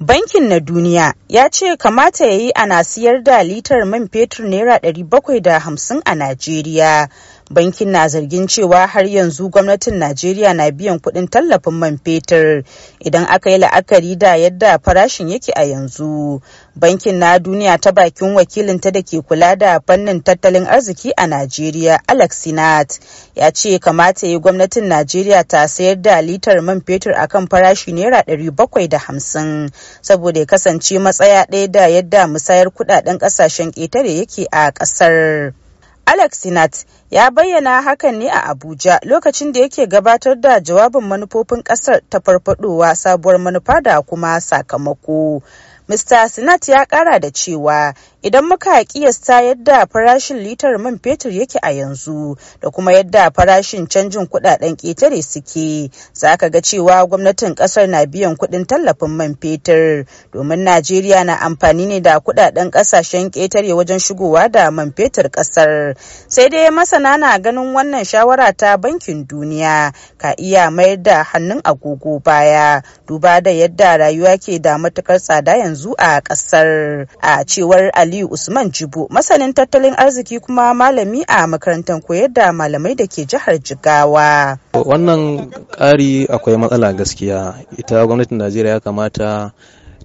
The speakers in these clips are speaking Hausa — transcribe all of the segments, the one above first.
Bankin na Duniya ya ce kamata ya yi ana siyar da litar man fetur Naira 750 a Najeriya. bankin na zargin cewa har yanzu gwamnatin najeriya na biyan kuɗin tallafin man fetur idan aka yi la'akari da yadda farashin yake a yanzu bankin na duniya ta bakin wakilinta da ke kula da fannin tattalin arziki a najeriya alex sinat ya ce kamata yi gwamnatin najeriya ta sayar da litar man fetur a kan farashi naira bakwai da hamsin saboda ya kasance matsaya ɗaya da yadda musayar kudaden kasashen ƙetare yake a ƙasar. Alex Sinat ya bayyana hakan ne a Abuja lokacin da yake gabatar da jawabin manufofin kasar ta farfadowa sabuwar manufa da kuma sakamako. Mr. Sinat ya kara da cewa idan muka kiyasta yadda farashin litar man fetur yake a yanzu da kuma yadda farashin canjin kudaden ƙetare suke za ka ga cewa gwamnatin kasar na biyan kudin tallafin man fetur domin najeriya na amfani ne da kudaden kasashen ƙetare wajen shigowa da man fetur kasar sai dai masana na ganin wannan shawara ta bankin duniya ka iya mayar da hannun agogo baya duba da yadda rayuwa ke da matukar tsada yanzu a kasar a cewar ali Aliyu Usman Jibo masanin tattalin arziki kuma malami a makarantar koyar da malamai da ke jihar Jigawa. Wannan ƙari akwai matsala gaskiya ita gwamnatin Najeriya ya kamata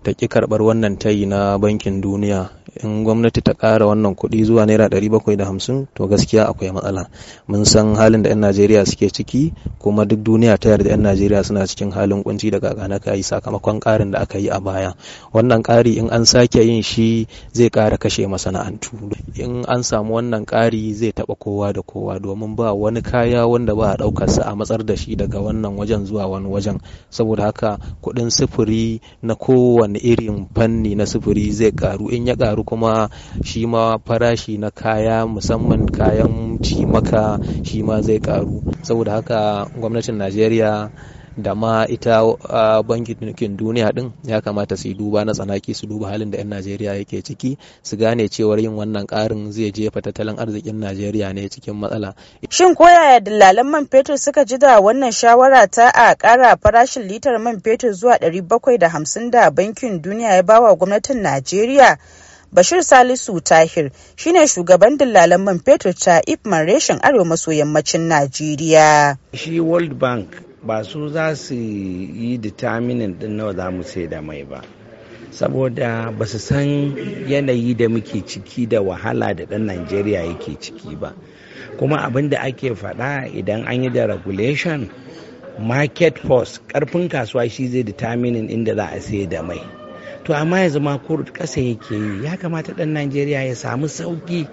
ta ƙi karɓar wannan tayi na bankin duniya in gwamnati ta ƙara wannan kuɗi zuwa naira ɗari bakwai da hamsin to gaskiya akwai matsala mun san halin da 'yan najeriya suke ciki kuma duk duniya ta yarda 'yan najeriya suna cikin halin kunci da kakana ka yi sakamakon ƙarin da aka yi a baya wannan ƙari in an sake yin shi zai ƙara kashe masana'antu in an samu wannan ƙari zai taɓa kowa da kowa domin ba wani kaya wanda ba a sa a matsar da shi daga wannan wajen zuwa wani wajen saboda haka kuɗin sufuri na kowane irin fanni na sufuri zai ƙaru in ya ƙaru kuma shi ma farashi na kaya musamman kayan cimaka shi ma zai karu saboda haka gwamnatin najeriya da ma ita bankin duniya din ya kamata su yi duba na tsanaki su duba halin da 'yan najeriya yake ciki su gane cewar yin wannan karin zai jefa tattalin arzikin najeriya ne cikin matsala shin koyaya dillalan man fetur suka ji da wannan shawara ta a kara farashin litar man fetur zuwa 750 da bankin duniya ya bawa gwamnatin najeriya Bashir Salisu Tahir shine shugaban dillalan man fetur ta ifman reshen Arewa maso yammacin Najeriya. Shi World Bank ba su za su yi determining din nawa za mu sai da mai ba. saboda ba su san yanayi da muke ciki da wahala da ɗan najeriya yake ciki ba kuma abin da ake faɗa idan an yi da regulation market force karfin kasuwa shi zai determining inda za a sai da mai to amma yanzu zama kurd ƙasa yake yi ya kamata ɗan najeriya ya samu sauki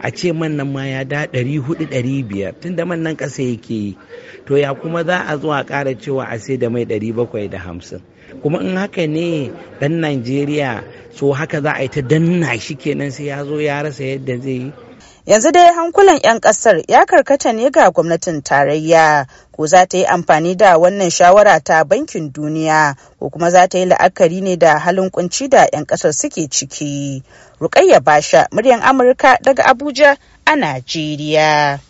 a ce man ma ya da 400-500 tun da man nan ƙasa yake yi to ya kuma za a zo a ƙara cewa a sai da mai 750 kuma in haka ne ɗan najeriya so haka za a yi ta danna shi kenan sai ya zo ya rasa yadda zai yi yanzu dai hankulan 'yan kasar ya karkata ne ga gwamnatin tarayya ko za ta yi amfani da wannan shawara ta bankin duniya ko kuma za ta yi la'akari ne da halin kunci da 'yan kasar suke ciki rukayya basha muryan amurka daga abuja a najeriya